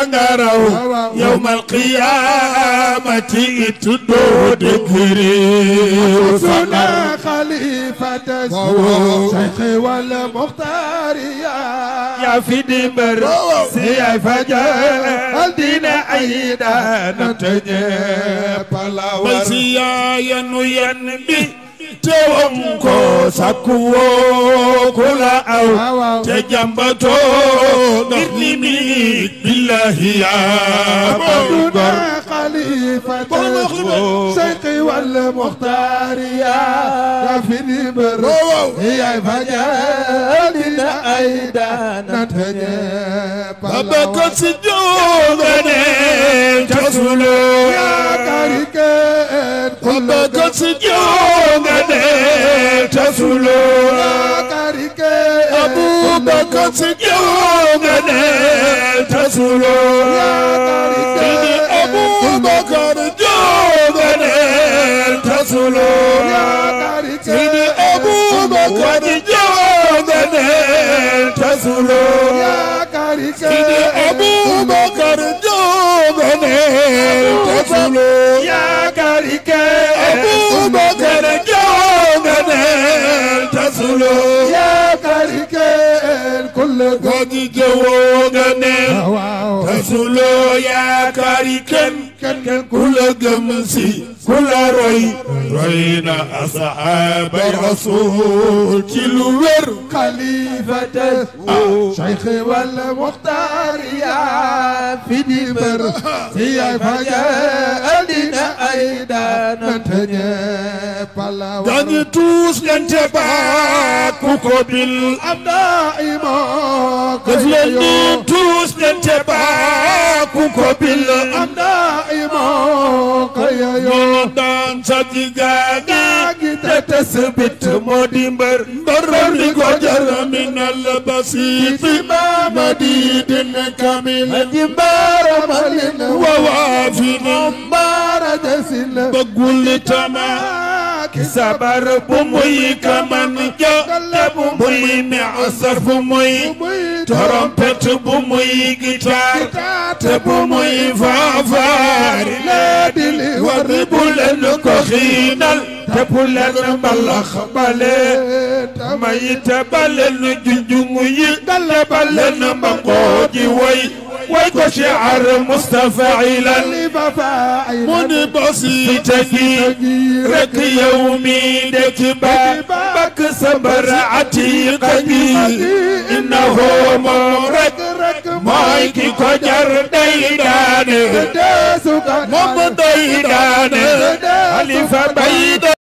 تنقره يوم القيامة تدو دكري سنة خليفة الشيخ والمختار يا في دمر سي فجر الدين عيدا نتجي بلا ورسيا ينبي تومكو sàkku woo ku la aw te jàmbatoo ndax ni mi billahi yaa bari gor خليفة سيقي والمختار يا في البر يا فجال أيضا نتجا بابك سجودنا تسلو يا كاركات بابك سجودنا nga dee tasuloo karike Abubakar si yow nga dee tasuloo karike Abubakar yow nga dee tasuloo karike Abubakar yow nga dee tasuloo karike loo yaakaari kenn ah, gëm si ku roy roy na asxaaba rasuul ci lu wér xalifata ah. cheikh wala muxtaar yaa fi bër si ah. yaay fajar أن توس ينتباك قبل أبناء ما قبل أن توس ينتباك قبل أبناء ما قيا دان سجدا تثبت مدمر مرر قجر من البسيط ما مديد كامل أدبار ملن ووافن مبارد سل بقول تمام sabar bu muy kaman jo bu muy meesar bu muy trompet bu muy gitaar te bu muy faafaar laa di li war bu leen ko xiinal te bu leen mbalax bale may te ba leen junjung yi dale ba وشعر مستفعلا منبسيتك رك يومي دكبا بك صبر عتيقك إنه مورك مايك كجر ديدان مم ديدان ألف بيدان